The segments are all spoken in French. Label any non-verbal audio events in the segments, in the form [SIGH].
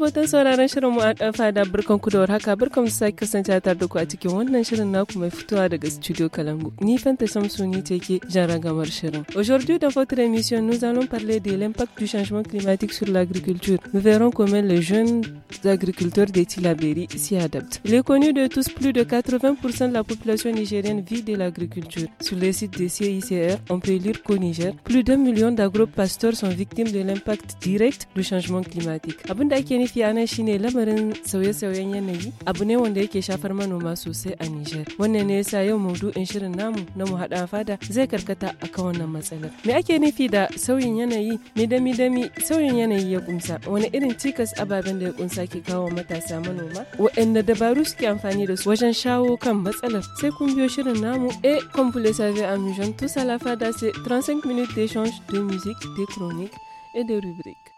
Aujourd'hui dans votre émission nous allons parler de l'impact du changement climatique sur l'agriculture. Nous verrons comment les jeunes agriculteurs des Tilaberi s'y adaptent. Il est connu de tous plus de 80% de la population nigérienne vit de l'agriculture. Sur le site de CICR, on peut lire qu'au Niger, plus d'un million pasteurs sont victimes de l'impact direct du changement climatique. Abunda makiya nan shine lamarin sauye-sauyen yanayi abu ne wanda yake shafar manoma sosai a Nijar. Wannan ne yasa yau maudu'in shirin namu na mu haɗa fada zai karkata akan wannan matsalar. Me ake nufi da sauyin yanayi? Me dami dami sauyin yanayi ya kumsa? Wani irin cikas ababen da ya kunsa ke kawo matasa manoma? Waɗanne dabaru suke amfani da su wajen shawo kan matsalar? Sai kun biyo shirin namu e comme vous le savez à Mujan à la fada c'est 35 minutes d'échange de musique, de chronique et de rubrique.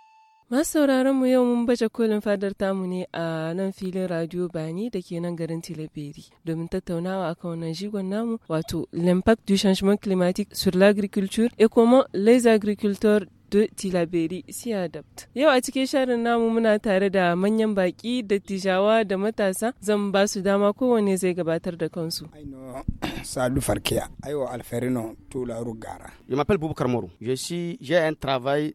sauraron mu yau mun baje kolin fadar tamu ne a nan filin radio bani da ke nan garin tilaberi domin tattaunawa akan wannan jigon namu wato l'impact du changement climatique sur l'agriculture et comment les agriculteurs de tilaberi si adapt yau a cikin sharin namu muna tare da manyan baki da tijawa da matasa zan ba su dama kowane zai gabatar da kansu [COUGHS] Salut Farkia. Ayo Alferino Toula Rugara. Je m'appelle Boubou Karmourou. Je suis, j'ai un travail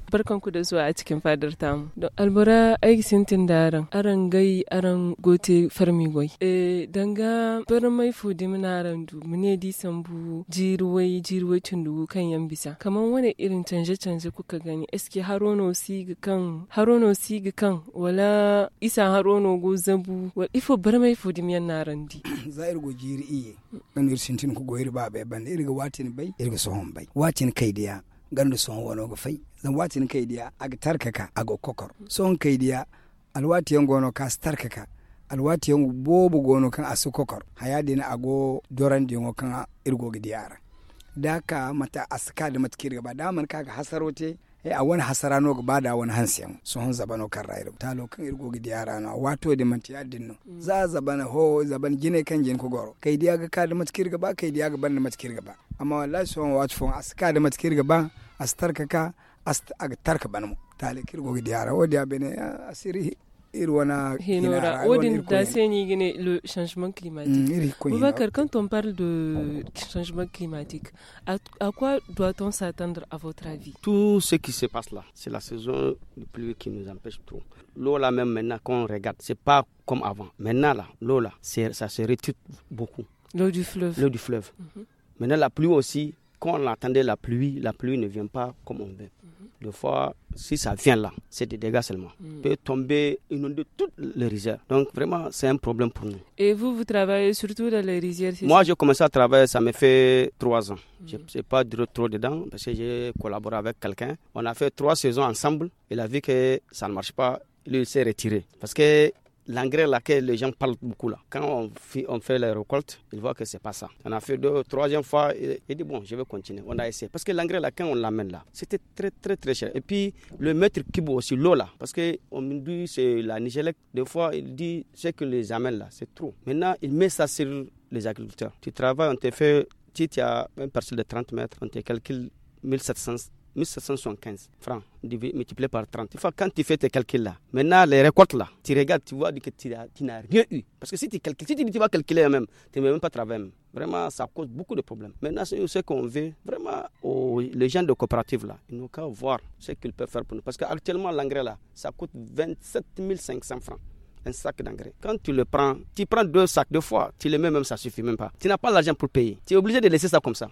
barkanku da zuwa a cikin fadar tamu. Don albura aiki sintin daren, aran gai aran gote farmi gwai. E danga bar mai fudi muna ran du mune di sambu jiruwai jiruwai tundugu kan yan bisa. Kamar wani irin canje-canje kuka gani eske harono si kan harono si kan wala isa harono go zabu wa ifo bar mai fudi miyan naran di. [CLEARS THROAT] Zair go jiri iye. Nan sintin ku goyir ba bai ban irga watin bai irga sohon bai. Watin kai da gandu son wono go fay zan watin kai dia aga tarkaka aga kokor son kai diya alwati yan gono ka starkaka alwati yan bobu gono kan asu kokor haya a ago doran dingo kan irgo gidiyara da mata aska da matkir gaba da man kaga hasarote e a wani hasarano ga bada wani hansiyan su hun zabano kan rairo talo kan irgo gidi na wato da mantiya dinno mm. za zabana ho zaban gine kan jin ko goro kai diya ga ka da matkir gaba kai diya ga ban da matkir gaba amma wallahi so hon wato fon aska da matkir gaba astarka ka ast ag ta banmu tale kirgo gidi yara o diya bene ah, asiri le changement climatique. Mm, quand on parle de changement climatique, à, quoi doit-on s'attendre à votre avis Tout ce qui se passe là, c'est la saison de pluie qui nous empêche trop L'eau là même maintenant qu'on regarde, c'est pas comme avant. Maintenant là, l'eau là, ça se retire beaucoup. L'eau du fleuve. L'eau du fleuve. Mhm. Maintenant la pluie aussi, quand on attendait la pluie, la pluie ne vient pas comme on veut. Mhm. Des fois, si ça vient là, c'est des dégâts seulement. Il mhm. peut tomber, inonder toutes les rizières. Donc vraiment, c'est un problème pour nous. Et vous, vous travaillez surtout dans les rizières Moi, j'ai commencé à travailler, ça me fait trois ans. Mhm. Je n'ai pas duré trop dedans parce que j'ai collaboré avec quelqu'un. On a fait trois saisons ensemble. et la vu que ça ne marche pas. Lui, il s'est retiré. Parce que l'engrais laquelle les gens parlent beaucoup là. Quand on fait, on fait les récoltes, ils voient que c'est pas ça. On a fait deux, troisième fois, et, dit bon, je vais continuer. On a essayé. Parce que l'engrais là, quand on l'amène là, c'était très très très cher. Et puis le maître cube aussi, l'eau là, parce qu'on me dit c'est la Nigélec, des fois il dit ce que les amène là, c'est trop. Maintenant, il met ça sur les agriculteurs. Tu travailles, on te fait, tu as une parcelle de 30 mètres, on te calcule 1700 1775 francs multiplié par 30. quand tu fais tes calculs là, maintenant les récoltes là, tu regardes, tu vois que tu n'as rien eu. Parce que si tu calcules, si tu, vas calculer même, tu ne même pas travailler. Vraiment, ça cause beaucoup de problèmes. Maintenant, ce qu'on veut, vraiment, les gens de coopérative là, ils n'ont qu'à voir ce qu'ils peuvent faire pour nous. Parce qu'actuellement, l'engrais là, ça coûte 27 500 francs un sac d'engrais. Quand tu le prends, tu prends deux sacs deux fois, tu le mets même, ça suffit même pas. Tu n'as pas l'argent pour payer. Tu es obligé de laisser ça comme ça.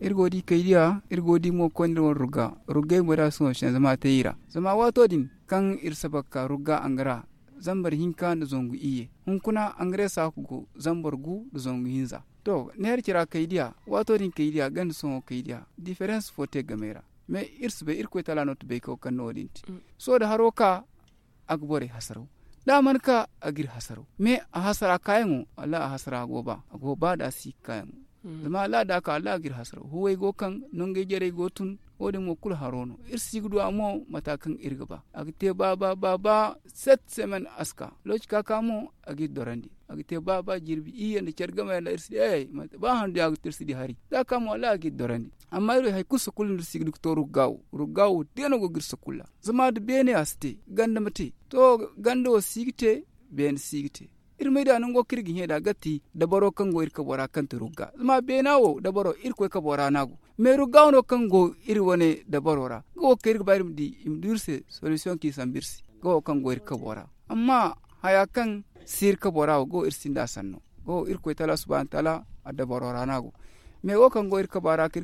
irgodi kaidiya irgodi mo kondiro ruga ruga mura so shin zama ta yira zama wato din kan irsabaka ruga angara zambar hinka da zongu iye hunkuna angare sa ku zambar gu da zongu hinza to ne har kira kaidiya wato din kaidiya gan so kaidiya difference fote gamera mais irsibe irkoyta la not bey ko kanno odinti mm. so da haro ka agbore hasaro daman ka agir hasaro me a hasara kayan ala a hasara goba goba da si kayan mm. zama ala da ka ala agir hasaro huwai go kan nonge jere go tun wode mo kul harono ir sigdu amo matakan irgaba agite baba baba set semen aska loch kaka mo agit dorandi agite baba jirbi i ne cergama ir sidi ay ba hande agite irsi sidi hari da kamo la agit dorandi amma iru hay kusu kul ir sigdu to rugaw rugaw deno go gir kulla zama de bene aste ganda mate to gando sigite ben sigite irmeda nungo kirgin heda gatti dabaro kango irka bora kanti rugga ma benawo dabaro irko ka bora nago meru gawno kango iri wone dabarora go kirg bayr di imdurse solution ki sambirsi go kango irka bora amma haya kan sir ka bora go irsinda sanno go irko tala tala taala adabarora nago mais qui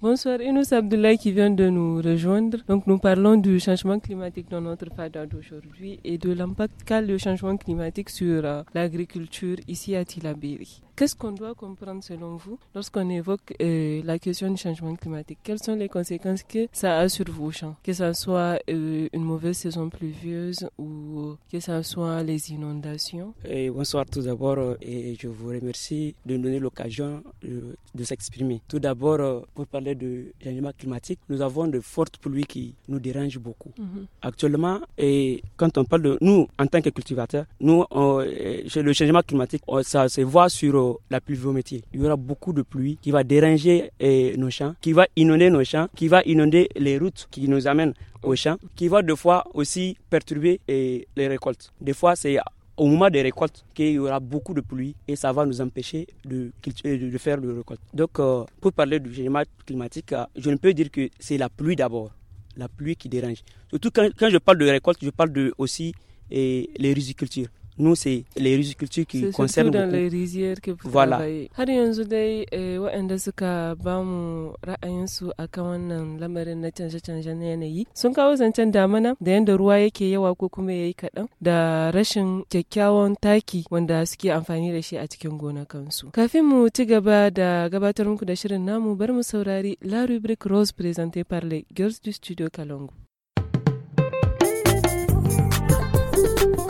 Bonsoir Inous Abdoulaye qui vient de nous rejoindre. Donc nous parlons du changement climatique dans notre fada d'aujourd'hui et de l'impact qu'a le changement climatique sur euh, l'agriculture ici à Tilabiri. Qu'est-ce qu'on doit comprendre selon vous lorsqu'on évoque euh, la question du changement climatique Quelles sont les conséquences que ça a sur vos champs Que ce soit euh, une mauvaise saison pluvieuse ou que ce soit les inondations et eh, Bonsoir tout d'abord euh, et je vous remercie de nous donner l'occasion de, s'exprimer. Tout d'abord, pour parler de changement climatique, nous avons de fortes pluies qui nous dérangent beaucoup. Mhm. Actuellement, et quand on parle de nous, en tant que cultivateurs, nous, le changement climatique, ça se voit sur la pluviométrie. Il y aura beaucoup de pluie qui va déranger eh, nos champs, qui va inonder nos champs, qui va inonder les routes qui nous amènent aux champs, qui va des fois aussi perturber eh, les récoltes. Des fois, c'est au moment des récoltes qu'il y aura beaucoup de pluie et ça va nous empêcher de, eh, de faire le récoltes. Donc, euh, pour parler du changement climatique, euh, je ne peux dire que c'est la pluie d'abord, la pluie qui dérange. Surtout quand, je parle de récolte, je parle de, aussi et les rizicultures. nous c'est les riziculture qui concernent beaucoup. les rizières que vous voilà. travaillez. Har yanzu dai eh, waɗanda suka ba mu ra'ayinsu akan wannan lamarin na canje-canje na yanayi sun kawo zancen damana da yanda ruwa yake yawa ko kuma yayi kaɗan da rashin kyakkyawan taki wanda suke amfani da shi a cikin gonakansu. Kafin mu ci gaba da gabatar muku da shirin namu bar mu saurari La Rubrique Rose présentée par les girls du studio Kalongo.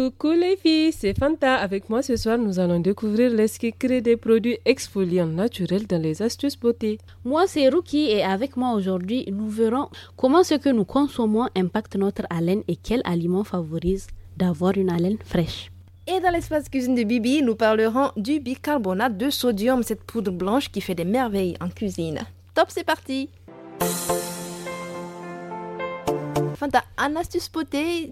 Coucou les filles, c'est Fanta. Avec moi ce soir, nous allons découvrir les secrets des produits exfoliants naturels dans les astuces beauté. Moi, c'est Ruki et avec moi aujourd'hui, nous verrons comment ce que nous consommons impacte notre haleine et quels aliments favorisent d'avoir une haleine fraîche. Et dans l'espace cuisine de Bibi, nous parlerons du bicarbonate de sodium, cette poudre blanche qui fait des merveilles en cuisine. Top, c'est parti! Fanta, un astuce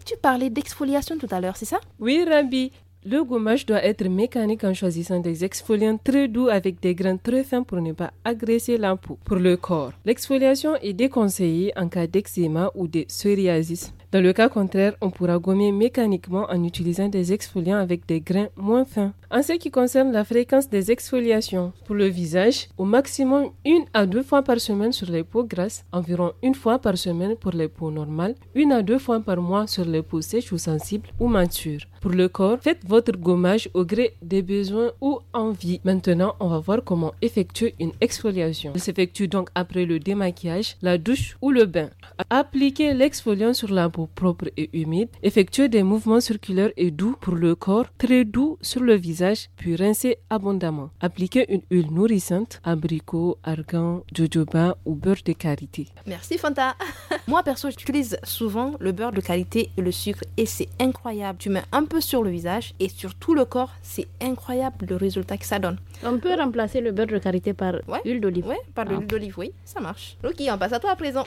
tu parlais d'exfoliation tout à l'heure, c'est ça Oui, Rabbi. Le gommage doit être mécanique en choisissant des exfoliants très doux avec des grains très fins pour ne pas agresser la peau. Pour le corps, l'exfoliation est déconseillée en cas d'eczéma ou de psoriasis dans le cas contraire, on pourra gommer mécaniquement en utilisant des exfoliants avec des grains moins fins. En ce qui concerne la fréquence des exfoliations, pour le visage, au maximum une à deux fois par semaine sur les peaux grasses, environ une fois par semaine pour les peaux normales, une à deux fois par mois sur les peaux sèches ou sensibles ou matures. Pour le corps, faites votre gommage au gré des besoins ou envie. Maintenant, on va voir comment effectuer une exfoliation. Elle s'effectue donc après le démaquillage, la douche ou le bain. Appliquez l'exfoliant sur la peau propre et humide, effectuer des mouvements circulaires et doux pour le corps, très doux sur le visage, puis rincer abondamment. Appliquer une huile nourrissante, abricot, argan, jojoba ou beurre de karité. Merci Fanta. [LAUGHS] Moi perso, j'utilise souvent le beurre de karité et le sucre et c'est incroyable. Tu mets un peu sur le visage et sur tout le corps, c'est incroyable le résultat que ça donne. On peut remplacer le beurre de karité par huile d'olive. par l'huile ah. d'olive, oui, ça marche. Ok, on passe à toi à présent.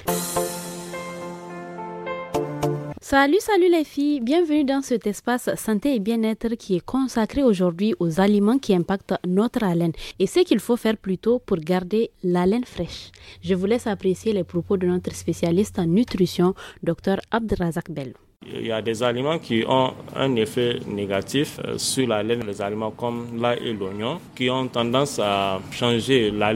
Salut, salut les filles, bienvenue dans cet espace santé et bien-être qui est consacré aujourd'hui aux aliments qui impactent notre haleine et ce qu'il faut faire plutôt pour garder l'haleine fraîche. Je vous laisse apprécier les propos de notre spécialiste en nutrition, Dr Abdrazak Bell. Il y a des aliments qui ont un effet négatif euh, sur la laine, les aliments comme l'ail et l'oignon, qui ont tendance à changer la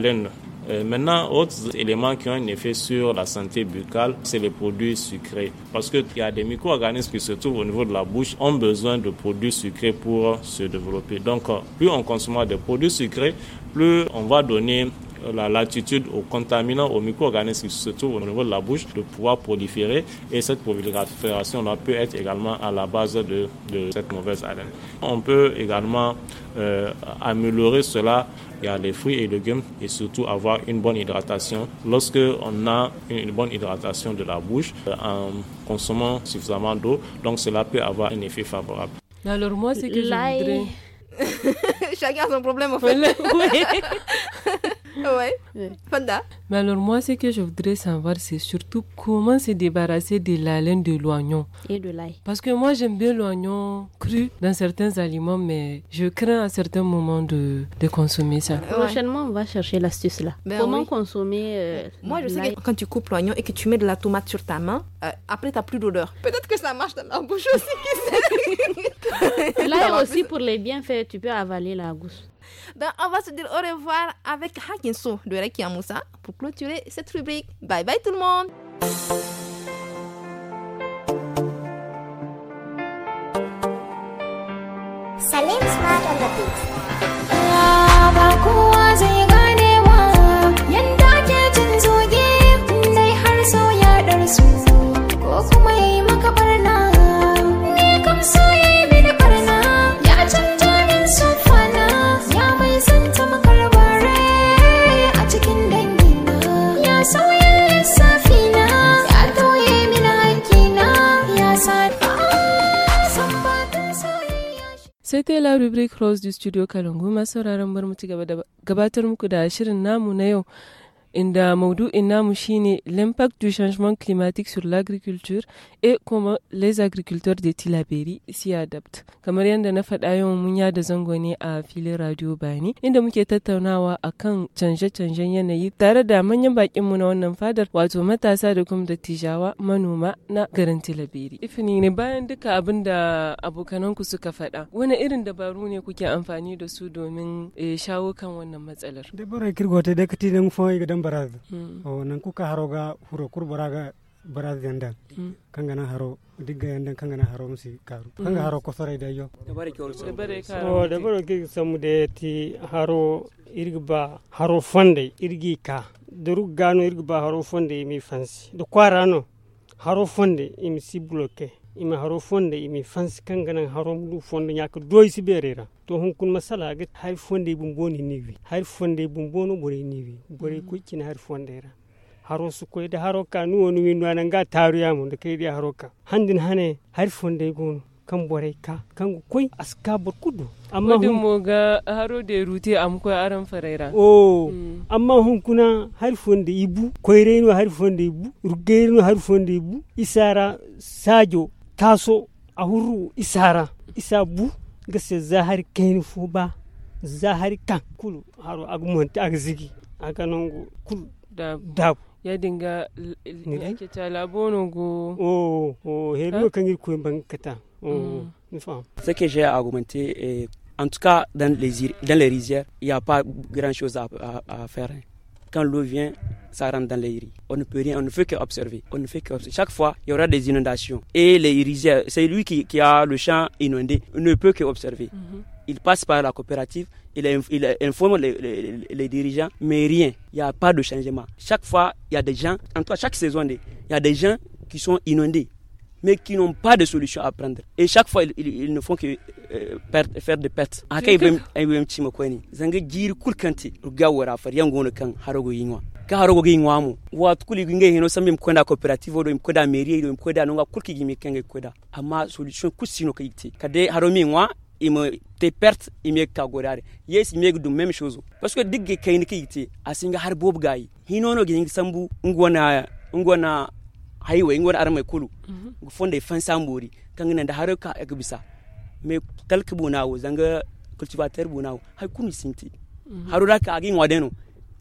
euh, maintenant, autres éléments qui ont un effet sur la santé buccale, c'est les produits sucrés. Parce qu'il y a des micro-organismes qui se trouvent au niveau de la bouche, ont besoin de produits sucrés pour se développer. Donc, euh, plus on consomme des produits sucrés, plus on va donner euh, la latitude aux contaminants, aux micro-organismes qui se trouvent au niveau de la bouche de pouvoir proliférer et cette prolifération-là peut être également à la base de, cette mauvaise haleine. On peut également euh, améliorer cela il y a les fruits et légumes et surtout avoir une bonne hydratation. Lorsque on a une bonne hydratation de la bouche euh, en consommant suffisamment d'eau, donc cela peut avoir un effet favorable. Alors moi, c'est que je voudrais... [LAUGHS] Chacun a son problème en fait. [LAUGHS] Ouais. Panda. Mais alors, moi, ce que je voudrais savoir, c'est surtout comment se débarrasser de la laine de l'oignon. Et de l'ail. Parce que moi, j'aime bien l'oignon cru dans certains aliments, mais je crains à certains moments de, consommer ça. Euh, prochainement, on va chercher l'astuce là. Ben comment consommer. Euh, moi, je sais que quand tu coupes l'oignon et que tu mets de la tomate sur ta main, euh, après, tu n'as plus d'odeur. Peut-être que ça marche dans la bouche aussi. [LAUGHS] L'ail aussi, pour les bienfaits, tu peux avaler la gousse on va se dire au revoir avec Hakinso de Rekia Moussa pour clôturer cette rubrique. Bye bye tout le monde! C'était la rubric rose du studio Kalangu masu sauraron bar mu ci gabatar muku da shirin namu na yau inda maudu'in namu shine l'impact du changement climatique sur l'agriculture et comment les agriculteurs de Tilaberi s'y adaptent. Kamar yadda na faɗa yau mun da zango ne a filin radio bani inda muke tattaunawa akan canje-canjen yanayi tare da manyan bakinmu na wannan fadar wato matasa da kuma dattijawa manoma na garin Tilaberi. Ifini ne bayan duka abin da abokananku suka faɗa wani irin dabaru ne kuke amfani da su domin eh, shawo kan wannan matsalar. Dabarar barad oh nan kuka haroga huro kur baraga barad yandan kangana haro digga yandan kangana haro musi karu kanga haro ko sore da yo o da baro ke samu de ti haro irgba haro fonde irgi ka durugano irgba haro fonde mi fansi do kwarano haro fonde imi si bloke ima haro fonde imi fansi kangana haro mulu fonde nyaka doy si berera to hon kun masala ga hay fonde bum boni niwi hay fonde bum bonu bore niwi bore mm. ku kin har fonde ra haro su koy da haro ka nu wonu winu anan ga taru ya mun da kai da haro ka handin hane har fonde gon kan bore ka kan koy aska bur kudu amma hun mo ga haro de rute am ko aran farera o mm. amma hun kuna har fonde ibu reino har fonde ibu rugeino har fonde ibu isara sajo taso a huru isara isa bu gase zahari kaini fuba zahari kan kulu haro zigi agzigi nongo kulu da da. ya dinga yake ta labono go oh oh helo kan yi koyon bankata oh mm. sai ke je argumenté eh, en tout cas dans les dans les rizières il y a pas grand chose à, à faire Quand l'eau vient, ça rentre dans les riz On ne peut rien, on ne fait qu'observer. On ne fait Chaque fois, il y aura des inondations. Et les irisiers, c'est lui qui, a le champ inondé, On ne peut qu'observer. Mhm. Il passe par la coopérative, il, informe les, dirigeants, mais rien. Il n'y a pas de changement. Chaque fois, il y a des gens, en cas, chaque saison, il y a des gens qui sont inondés. mais qui n'ont pas de solution à prendre. Et chaque fois, ils, ils, ils ne font que euh, perdre, faire des pertes. Aka ibem ibem chimo kweni. Zanga jiri kulkanti ugawara fari yangu na kang harogo yingwa. Ka harogo yingwa mu. Watu kuli ginge hino sambi mkwenda cooperative odo mkwenda mairie odo mkwenda nonga kulki gimi kenge kwenda. Ama solution kusino kaiti. Kade haromi ngwa ima te perte ime kagorare yes ime du même chose parce que digge kayni kiti asinga har bob gayi hinono gi sambu ngwana ngwana hay wo ingor ar mai kulu mhm. fonda fan sambori kangana da haruka bisa me talki bunawo zanga cultivateur bunawo hay kunu sinti mhm. harura ka agin wadeno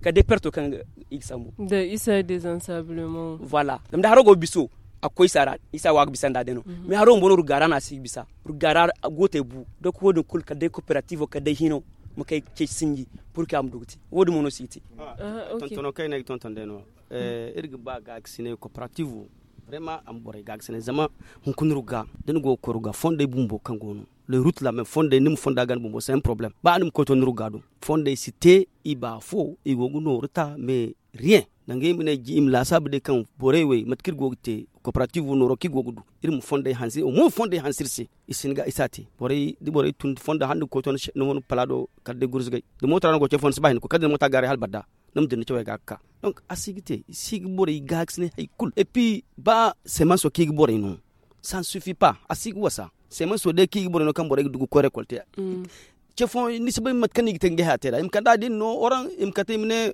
ka de perto kan iksamu da isa désensablement voilà dam da harogo biso akwai sara isa wa bisan da deno mhm. me haro mbono rugara na sig bisa rugara gote bu do ko kul ka de cooperative ka de hino mu kai ke singi purka am dugti mono siti tontono ah, ah, tonton deno erg eh, ba cooperative vraiment am bore ga zama hun go koru ga fonde kangono le route la même fonde nim fonda gan c'est un problème ba anum ko cité iba fo no reta mais rien nange mine ji la de kan coopérative noro ki gogudu irin fonda hansi o mu fonda hansirse isinga isati borai di borai tun fonda hande ko ton no mon palado kadde gurzgay de mota go che fonse bahin ko kadde mota gare hal badda nam dene chewa gakka donc asigite sig borai gaxne hay kul et puis ba semanso ki borai non ça ne suffit pas asig wasa semanso de ki borai no kan borai dugu ko récolter mm. fon ni sebe mat kan igte hatera im kan din no oran im katimne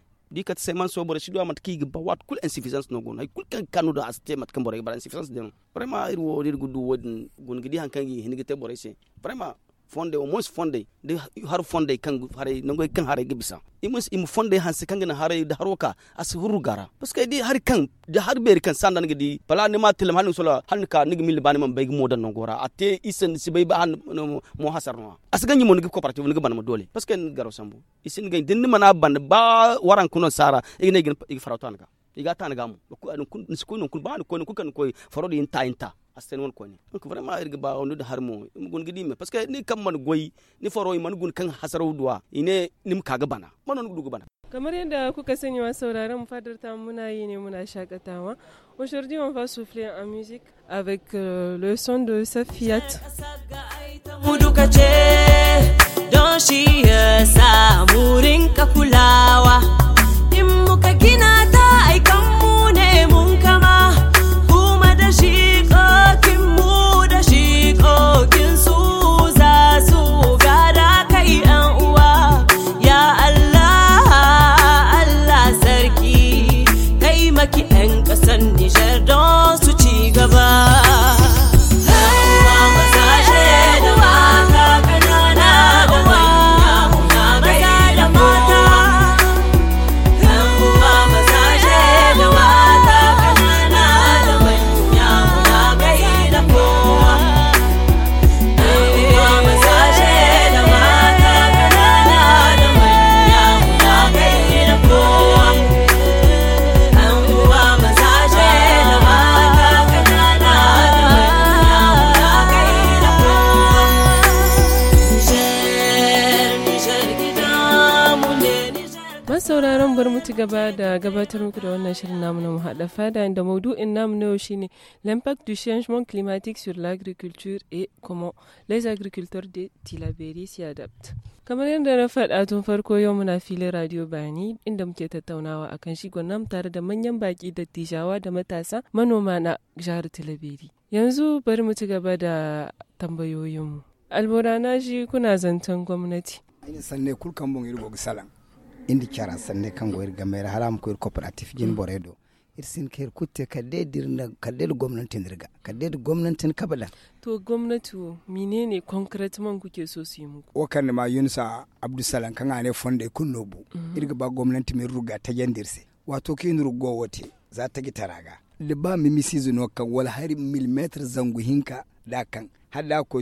dikat seman so bore sido amat ki ba wat kul insuffisance no gon kul kan kanu da aste mat kan bore bara insuffisance den vraiment ir wo dir gudu wodin gon gidi hankan gi hinigite bore se vraiment fonde au mos fonde de har fonde kan hare nangoy kan hare gibisa e imus e im fonde hanse kan gana hare da haroka as huru gara parce que di har kan da har ber kan sandan gidi pala ne ma tilam hanin sola han ka nig mil bani man beg modan no ate isen si bay ba han mo hasar no as ganyi mo nig cooperative nig ban dole parce que garo sambu isin e gay din mana ban ba waran kuno sara igne gin farautan ka iga tan gamu eh, kun kun ban ko kun kan ko farodi inta inta asen won ko ni donc vraiment irga ba onu da harmo gun gidi me parce que ni kam man goyi ni faroi man gun kan hasaro duwa ine nim kaga bana manon dugu bana kamar yadda kuka sani wa sauraron fadar ta muna yi ne muna shakatawa aujourd'hui on va souffler en musique avec euh, le son de Safiat don shi ya samurin rinka kulawa in muka gina Chine, l'impact du changement climatique sur l'agriculture et comment les agriculteurs de Tilaberi s'y adaptent. Kamar yadda na faɗa tun farko yau muna filin Radio Bani inda muke tattaunawa akan shi gwanan tare da manyan baƙi da tijawa da matasa manoma na jihar Tilaberi. Yanzu bari mu ci gaba da tambayoyinmu. Albora na ji kuna zancen gwamnati. Ina sanne kulkan bon irgo salan. Indi kyara sanne kan goyar gamayar haram ko cooperative jin boredo. irsin ker kutte kadde dirna kadde gwamnatin dirga kadde gwamnatin kabala to gwamnati menene man kuke so su yi muku o kan ma yunsa abdusalam kan ane fonde kunno bu mhm. irga ba gwamnati mai ruga ta yandirse wato kin rugo wote za ta gi taraga da ba mimisi zuno kan wal har millimeter zangu hinka da kan hada ko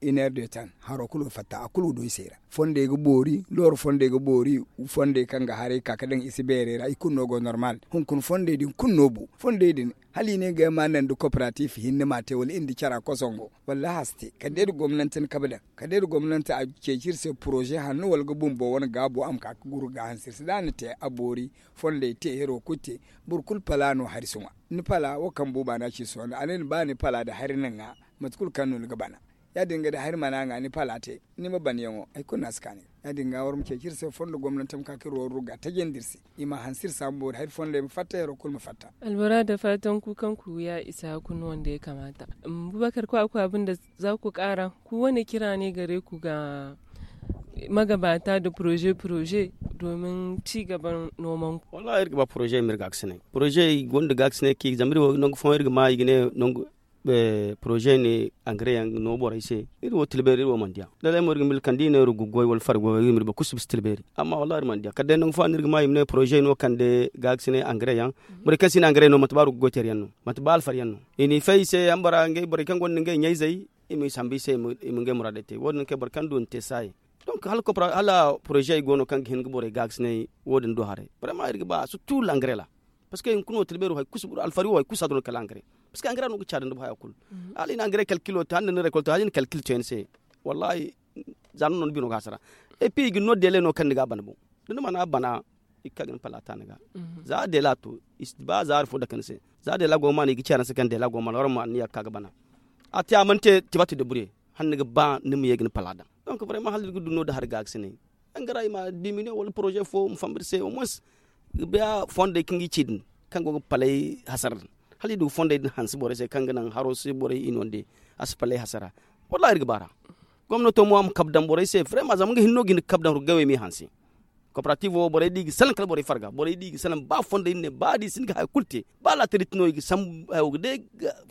inner de tan haro kulu fatta akulu do isera fonde go bori lor fonde go bori fonde kanga hare kaka den isibere ra ikunno go normal hun kun fonde din kunno bu fonde din hali ne ga manan du cooperative hinne mate wol indi cara kosongo walla haste gomnantin kabada kande du gomnanta a cecir se projet hannu wol go bumbo won gabo am ka guru ga hansir sidani te abori fonde te hero kutte burkul palano harisuma ni pala wakan bu bana ci so anen bani pala da harinan ga matkul kanu ga bana ya dinga da harma na ngani palate ni ma ban yango ai kun naskani ya dinga warum ke kirse fondo gwamnatam ka kiro ruga ta gendirsi ima hansir sambo har fondo mu fatta yaro kulma mu fatta albara da fatan ku ku ya isa kun wanda ya kamata bubakar ku akwai abin da za ku kara ku wani kira ne gare ku ga magabata da proje-proje domin ci gaban noman wala irga ba proje mirga aksine proje gonda gaksine ki zamiri wa nongo fon irga ma igine nongo projet ni engrais yang no bora ise ir wo tilberi wo mandia dala mo ngil kandi ne ru gugoy wal far go ngil ba kusub tilberi amma wallahi mandia kadde no fa nir ma imne projet no kande gag sine engrais yang mhm. engrais no matbaru go matbal ini fay se ambara kan gon imi sambi se imi muradete ke bor kan te donc hal ko ala projet gono kan go do hare vraiment ba surtout l'engrais la parce que kuno tilberu hay kusub al fari wo kusadul kal parce que engrais no chadande baya kul ali na engrais calculo tan ne récolte hajin calcul tense wallahi zanu non bino gasara et puis gno dele no kandiga ga banbu dinu mana bana pala palata niga mhm. za de la is ba za arfu da kanse za de la goma ni gicara sakan de la goma lor ma ni kaga bana ati amante tibatu de bure hanne ga ba nimu yegin da. donc vraiment halir gudu no da har ga aksine engrais ma diminuer wala projet fo mu mfambirse au moins be fonde kingi cidin. kan go palay hasar hali du fonda din hansi bore se kangana haro se bore inonde aspale hasara wallahi irga bara to mo am kabdam bore se vraiment zam ngi hinno gin kabdam ru gawe mi hansi coopérative bore digi salan kala bore farga bore digi salan ba fonda inne ba di sin ga kulti ba la tritno gi sam o de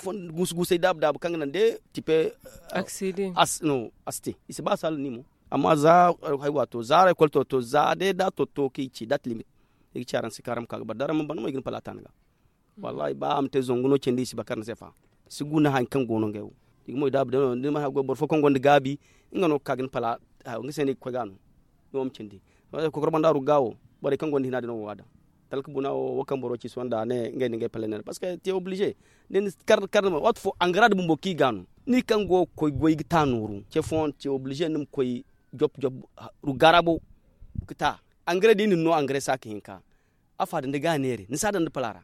fond gus sey dab dab kangana de tipe uh, accident as no asti ba sal nimo amma za uh, hay wato za kolto to za de da to to ki ci dat limit igi charan sikaram kaga Dara mo ban mo igin palatanga wallahi ba am te zonguno cendi si bakar sefa siguna han kan gono ngew digmo da bdo ni ma go bor fokon gonde gabi ngano kagin pala ha ngiseni ko gano no am cendi ko korban daru gawo bore kan gonde hinade no wada talk buna o wakan boro ci sonda ne ngene ngai pala ne parce que tu es obligé ne kar kar ma wat fo angrade bumbo ki gano ni kan go ko goy gitanuru ce fon tu obligé num koy job job ru garabo kita angrade ni no angrade sakinka afa da ne ganere ni sadan da palara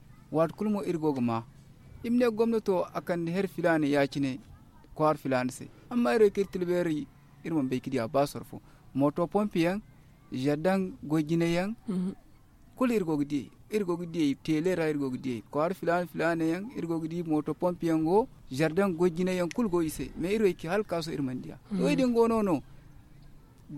wat kulmo irgogma imne gomnato akan her filani yacine kwar filanse amma ire kirtilberi irman be kidiya basorfo moto pompiyan jadan gojineyan mhm. kul irgogdi irgogdi telera irgogdi kwar filan filaneyan irgogdi moto pompiyan go jardin gojineyan kul go ise me iro ki hal kaso irmandiya to mhm. idin gonono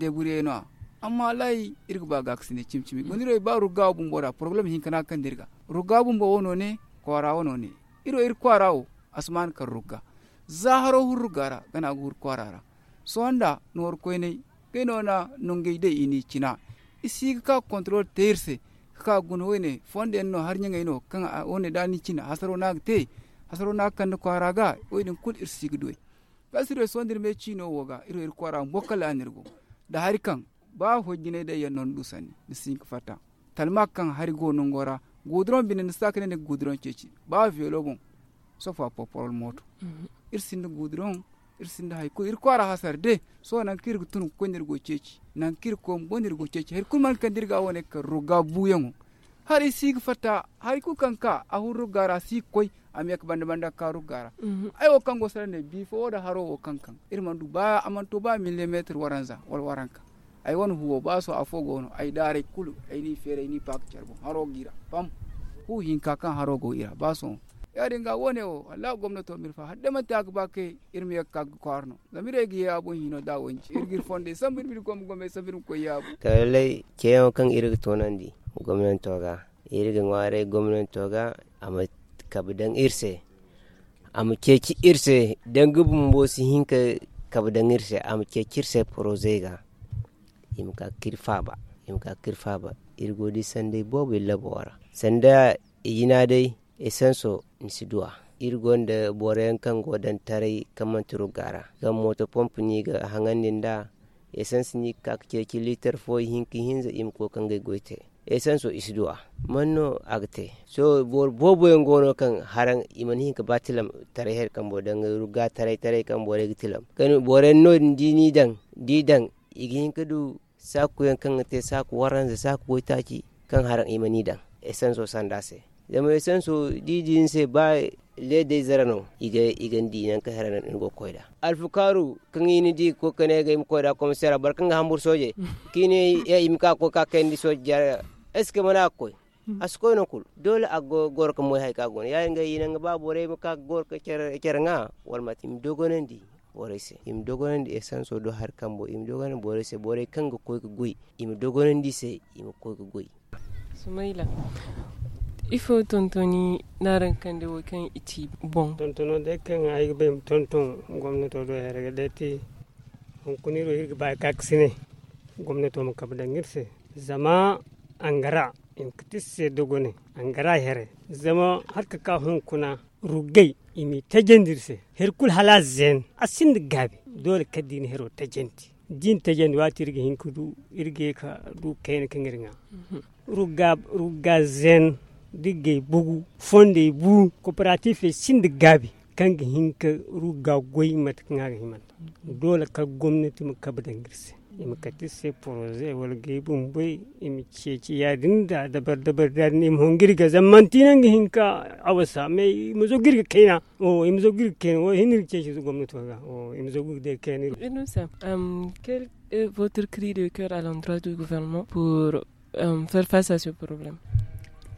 debureno amma lai irgo ba gaksine cimcimi gondiro mhm. ba rugaw bumbora problem hinkana kandirga ruga bumbo wono ne kwara wono ne iro iri kwara o asman kan rugga zaharo hur rugara gana gur kwarara sonda nor koyne keno na nungi de ini china isi ka control terse ka gun wene fonde no har nyanga ino kan one dani china hasaro na te hasaro na kan kwara ga oyin kul irsi gudwe kasiro sondir me chino woga iro ir kwara mokala anirgo da har kan ba hojine da yanon dusani misin fata talma kan har go nongora gudron binen sakne ne gudron ceci ba violo bon fa popol moto mhm. ir sinde gudron ir sinde hay ko ir ko ara hasar de so nan kir tun ko nir go ceci nan kir ko bonir go ceci her kulman kan dirga wone ka ruga buyango har isig fata hay ku kanka a huru gara si koy amiyak banda banda karu gara mhm. ai wo kango bi fo da haro kan kankan man du ba amanto ba millimeter waranza wal waranka ay won huwo baso a fo gono ay dare kulu ni fere ni pak charbo haro gira pam hu ka kan go ira baso on yaɗi nga wone o walla gomnato mir fa haɗɗemantak bakke irmi yakka kwarno gi ya bo hino da wonci irgir fonde sambir mbiɗ gom gombe sambir ko ya ka lallay ceewo kan irga tonandi gomnantoga irga ngware gomnantoga ama kabdan irse ama ceci irse dangubu mbosi hinka kabdan irse ama irse projet ga im ka kirfaba im ka kirfaba irgodi sande bobe labora sanda yina dai esenso nsidua irgonde boren kan godan tarai kaman turu gara ga moto pompe ni ga hanganin da esensi ni kak kirki liter fo hinki hinza im ko kan ga goite esenso isidua manno agte so bor bobo ngono kan haran iman hinka batilam tarai her kan bodan ruga tarai tarai kan bore gitilam kan boren no dini dan didan igin kedu du saku yan kan te saku waran za saku boy taki kan haran imani dan esenso sandase zama so didin se ba le de zarano iga igan di nan ka haran in go koida alfukaru kan yini di ko kane ga im koida kom sera bar kan hambur soje [LAUGHS] kini ya im ka ko ka kan di soje eske mana ko hmm. asko no kul dole a gor ka moy hay ka gon ya nga yina nga ba bore ka gor ka cer cer nga wal matim dogonen di borese im dogonandi e sanso do har kambo im dogonandi borese bore kanga koyko goyi im dogonandi se ima koyko goyi sumaila ifo tontoni naran kande wo kan iti bon tontono de kan ay be tonton gomnato do herege deti on kuni ro hirga ba kaksine gomnato mo kabda ngirse zama angara in kitisse dogone angara here zama harka ka hun kuna rugai imi jendirse herkul hala zen asinda gabe dole ka kadin hero tajenti din jendi wati irge du irge ka du kaina kangirnga mhm. ruga ruga zen digge bugu fonde bu cooperative sinda gabe kanga hinka ruga goy mat kanga himan mhm. dole ka gwamnati mu kabdan girse im kati se projet wal gaibun bai im ceci yadin da dabar dabar da ne im hon zamanti nan ga hinka awasa me im zo girga kaina o im zo girga kaina o hinir ceci zo gwamnati ga o im zo girga kaina inusa um euh, quel est votre cri de cœur à l'endroit du gouvernement pour um, faire face à ce problème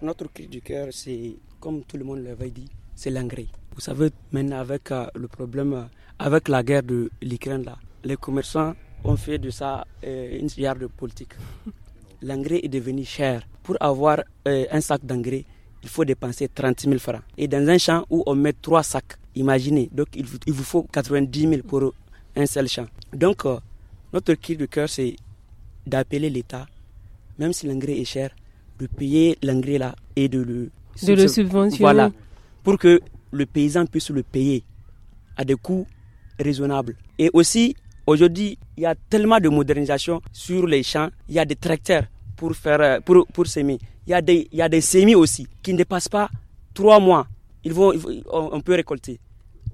notre cri du cœur c'est comme tout le monde l'avait dit c'est l'engrais vous savez maintenant avec uh, le problème uh, avec la guerre de l'Ukraine là les commerçants on fait de ça euh, une guerre de politique. L'engrais est devenu cher. Pour avoir euh, un sac d'engrais, il faut dépenser 30 000 francs. Et dans un champ où on met trois sacs, imaginez, donc il vous, faut 90 000 pour un seul champ. Donc, euh, notre cri de cœur, c'est d'appeler l'État, même si l'engrais est cher, de payer l'engrais là et de le, de le subventionner. Voilà, pour que le paysan puisse le payer à des coûts raisonnables. Et aussi, Aujourd'hui, il y a tellement de modernisation sur les champs. Il y a des tracteurs pour, faire, euh, pour, pour semer. Il y, a des, il y a des semis aussi qui ne dépassent pas trois mois. Ils vont, on peut récolter.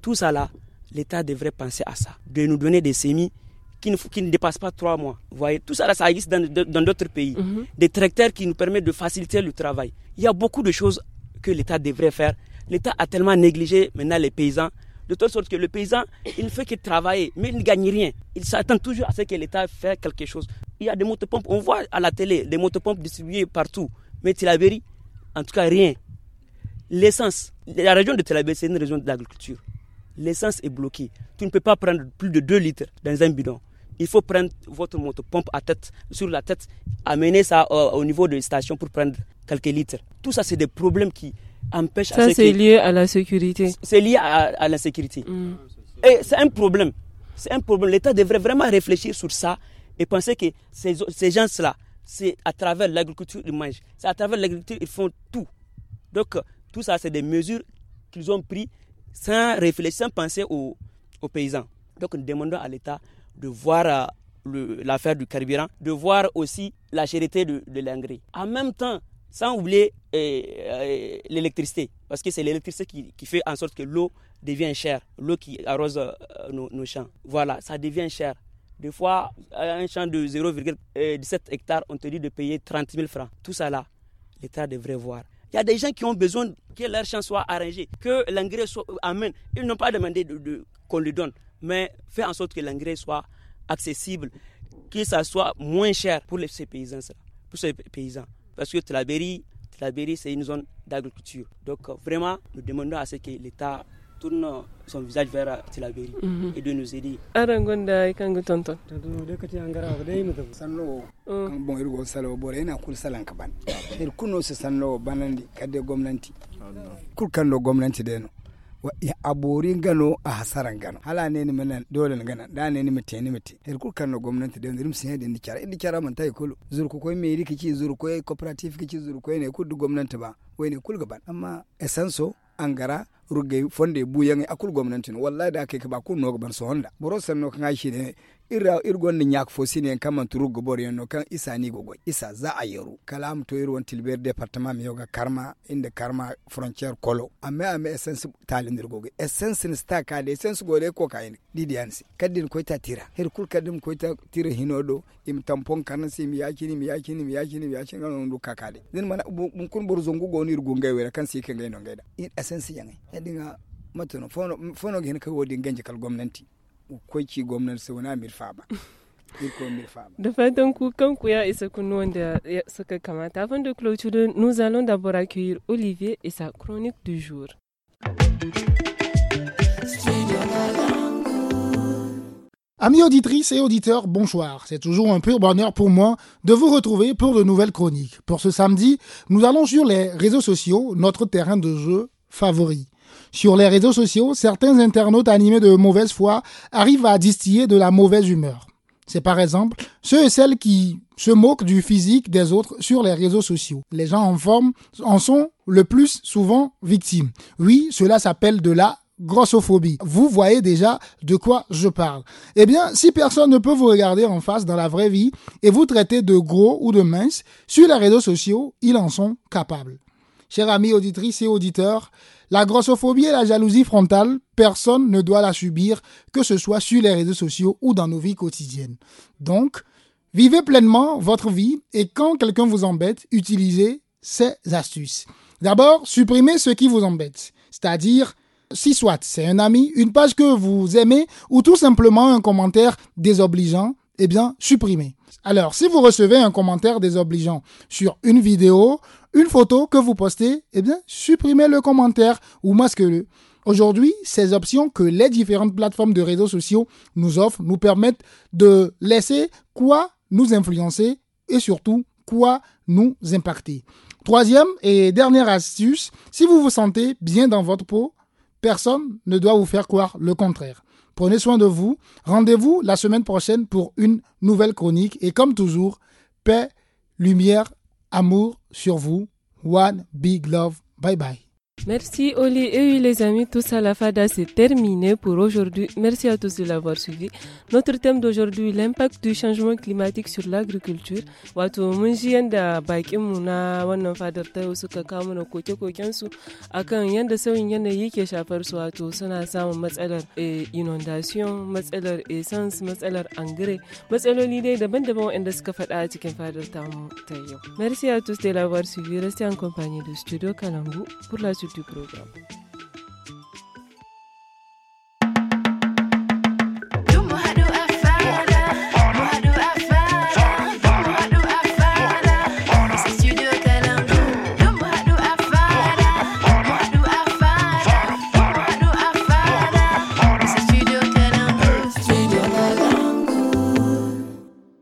Tout ça là, l'État devrait penser à ça, de nous donner des semis qui ne, qui ne dépassent pas trois mois. Vous voyez, tout ça, là, ça existe dans d'autres pays. Mhm. Des tracteurs qui nous permettent de faciliter le travail. Il y a beaucoup de choses que l'État devrait faire. L'État a tellement négligé maintenant les paysans de telle sorte que le paysan, il ne fait que travailler, mais il ne gagne rien. Il s'attend toujours à ce que l'État fasse quelque chose. Il y a des motopompes, on voit à la télé des motopompes distribuées partout, mais Tilaberi, en tout cas, rien. L'essence, la région de Tilaberi, c'est une région d'agriculture. L'essence est bloquée. Tu ne peux pas prendre plus de 2 litres dans un bidon il faut prendre votre motopompe à tête, sur la tête, amener ça au, au niveau de la station pour prendre quelques litres. Tout ça, c'est des problèmes qui, ça, c'est lié à la sécurité. C'est lié à, à, la sécurité. Mm. Et c'est un problème. C'est un problème. L'État devrait vraiment réfléchir sur ça et penser que ces, ces gens-là, c'est à travers l'agriculture qu'ils mangent. C'est à travers l'agriculture qu'ils font tout. Donc, tout ça, c'est des mesures qu'ils ont prises sans réfléchir, sans penser aux, aux paysans. Donc, nous demandons à l'État de voir euh, l'affaire du carburant, de voir aussi la charité de, de l'engrais. En même temps, sans oublier euh, euh, l'électricité, parce que c'est l'électricité qui, fait en sorte que l'eau devient chère, l'eau qui arrose euh, nos, champs. Voilà, ça devient cher. Des fois, un champ de 0,17 hectares, on te dit de payer 30 000 francs. Tout ça là, l'État devrait voir. Il y a des gens qui ont besoin que leur champ soit arrangé, que l'engrais soit amené. Ils n'ont pas demandé de, qu'on le donne, mais fait en sorte que l'engrais soit accessible, que ça soit moins cher pour ces paysans. Pour ces paysans. Parce que Tlaberi, Tlaberi c'est une zone d'agriculture. Donc euh, vraiment, nous demandons à ce que l'État tourne son visage vers Tlaberi mm -hmm. et de nous aider. Arangonda et Kangu Tonton. Bon, il y salo bore na kul salan kaban. Il kuno se sanlo banandi kade gomlanti. Kul kando gomlanti deno. a borin gano a hasaran gano hala ne ni mana dole na gana da ne ni mate ni mate her kul kan gwamnati da ndirim sin e da ndikara ndikara man tay kulu zur ko koy e meri kici zur ko e cooperative kici zur ko ne kudu gwamnati ba wai ne kul gaban amma esanso angara rugge fonde buyan akul gwamnati wallahi da kai ba kun no gaban so honda boro sanno kan ashi ne ira irgon ni nyak fo sinen kama turu gobor yono kan isa ni gogo isa za a yoru kalam to irwon tilber departement mi yoga karma inde karma frontière kolo ame ame essence talindir gogo essence ni sta ka de essence gole ko ka ini didi ansi kadin ko ta tira her kul kadim ko ta tira hinodo im tampon kan si mi yakini mi yakini mi yakini mi yakini ngano ndu kakade din mana bun kun bor zongu goni irgo ngai wera kan si kan ngai no ngai da in essence yangai edinga matono fono fono gen ka wodi ngenje kal gomnanti donc comme quoi Avant de clôturer, nous allons d'abord accueillir Olivier et sa chronique du jour. Amis auditrices et auditeurs, bonsoir. C'est toujours un pur bonheur pour moi de vous retrouver pour de nouvelles chroniques. Pour ce samedi, nous allons sur les réseaux sociaux, notre terrain de jeu favori. Sur les réseaux sociaux, certains internautes animés de mauvaise foi arrivent à distiller de la mauvaise humeur. C'est par exemple ceux et celles qui se moquent du physique des autres sur les réseaux sociaux. Les gens en forme en sont le plus souvent victimes. Oui, cela s'appelle de la grossophobie. Vous voyez déjà de quoi je parle. Eh bien, si personne ne peut vous regarder en face dans la vraie vie et vous traiter de gros ou de mince, sur les réseaux sociaux, ils en sont capables chers amis auditrices et auditeurs, la grossophobie et la jalousie frontale, personne ne doit la subir, que ce soit sur les réseaux sociaux ou dans nos vies quotidiennes. Donc, vivez pleinement votre vie et quand quelqu'un vous embête, utilisez ces astuces. D'abord, supprimez ce qui vous embête, c'est-à-dire si soit c'est un ami, une page que vous aimez ou tout simplement un commentaire désobligeant, eh bien, supprimez. Alors, si vous recevez un commentaire désobligeant sur une vidéo une photo que vous postez, eh bien, supprimez le commentaire ou masquez-le. Aujourd'hui, ces options que les différentes plateformes de réseaux sociaux nous offrent nous permettent de laisser quoi nous influencer et surtout quoi nous impacter. Troisième et dernière astuce, si vous vous sentez bien dans votre peau, personne ne doit vous faire croire le contraire. Prenez soin de vous. Rendez-vous la semaine prochaine pour une nouvelle chronique. Et comme toujours, paix, lumière Amour sur vous. One big love. Bye bye. Merci Oli et oui les amis, tout ça la fada c'est terminé pour aujourd'hui. Merci à tous de l'avoir suivi. Notre thème d'aujourd'hui, l'impact du changement climatique sur l'agriculture. Wato mun ji yanda baiki muna na wannan fadar ta yau suka kawo mana koke-koken su akan yanda sauyin yanayi ke shafar su wato suna samun matsalar eh, inondation, matsalar essence, eh, matsalar angare, matsaloli dai daban-daban waɗanda suka fada a cikin fadar ta mu ta yau. Merci à tous de l'avoir suivi. Restez en compagnie du studio Kalangu pour la suite YouTube program.